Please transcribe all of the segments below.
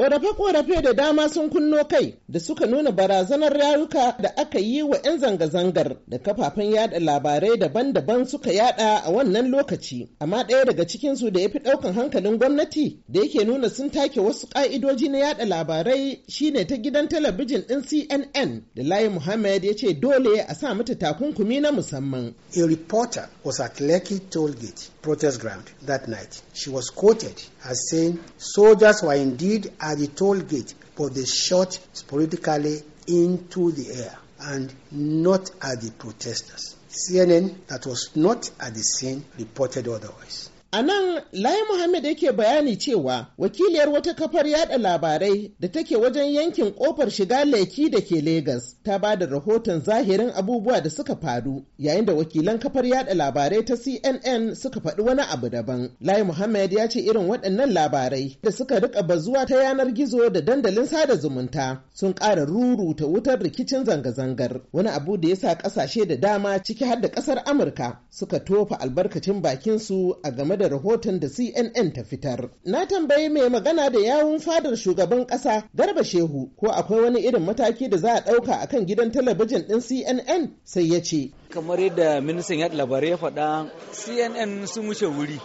Ƙorafe-ƙorafe da dama sun kunno kai da suka nuna barazanar rayuka da aka yi wa 'yan zanga-zangar da kafafen yada labarai daban-daban suka yada a wannan lokaci. Amma ɗaya daga cikinsu da ya fi ɗaukan hankalin gwamnati da yake nuna sun take wasu ƙa'idoji na yada labarai shine ta gidan talabijin ɗin CNN da Layi Muhammad ya ce dole a sa mata takunkumi na musamman. A reporter was at Lekki toll gate protest ground that night. She was quoted as saying soldiers were indeed at the toll gate, but they shot sporadically into the air and not at the protesters. CNN, that was not at the scene, reported otherwise. A nan Lai Muhammad yake bayani cewa wakiliyar wata kafar yada labarai da take wajen yankin kofar shiga leki da ke Legas ta ba da rahoton zahirin abubuwa da suka faru yayin da wakilan kafar yada labarai ta CNN suka faɗi wani abu daban. Lai Muhammad ya ce irin waɗannan labarai da suka rika bazuwa ta yanar gizo da dandalin sada zumunta sun ƙara ruruta wutar rikicin zanga-zangar wani abu da ya sa ƙasashe da dama ciki har da ƙasar Amurka suka tofa albarkacin bakinsu a game da rahoton da CNN ta fitar. Na tambayi mai magana da yawun fadar shugaban kasa Garba Shehu ko akwai wani irin mataki da za a ɗauka a kan gidan talabijin ɗin CNN sai ya ce. Kamar yadda ministan yaɗa labarai ya faɗa CNN sun wuce wuri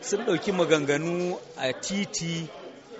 sun ɗauki maganganu a titi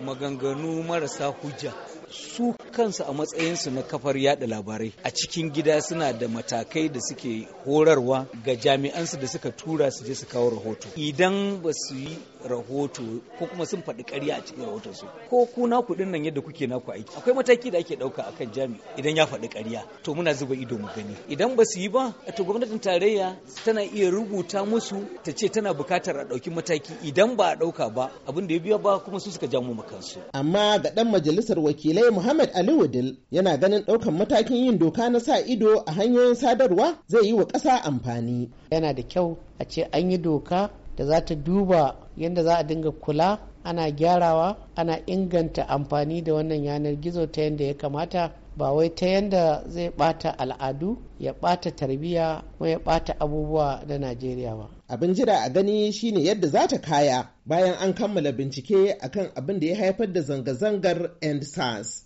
maganganu marasa hujja. Su kansu a matsayinsu na kafar yada labarai a cikin gida suna da matakai da suke horarwa ga jami'ansu da suka tura su je su kawo rahoto idan ba su yi rahoto ko kuma sun faɗi ƙarya a cikin rahoton su ko ku na kuɗin nan yadda kuke naku aiki akwai mataki da ake ɗauka a kan jami idan ya faɗi ƙarya to muna zuba ido mu gani idan ba su yi ba to gwamnatin tarayya tana iya rubuta musu ta ce tana buƙatar a ɗauki mataki idan ba a ɗauka ba abin da ya biya ba kuma su suka jamu makansu amma ga ɗan majalisar wakilai Muhammad Ali Aliwudin yana ganin ɗaukan matakin yin doka na sa ido a hanyoyin sadarwa zai yi wa ƙasa amfani. Yana da kyau a ce an yi doka da za ta duba yadda za a dinga kula ana gyarawa ana inganta amfani da wannan yanar gizo ta yadda ya kamata ba wai ta yadda zai bata al'adu ya bata tarbiyya kuma ya bata abubuwa da najeriya ba abin jira a gani shine yadda za ta kaya bayan an kammala bincike akan abin da ya haifar da zanga-zangar end sars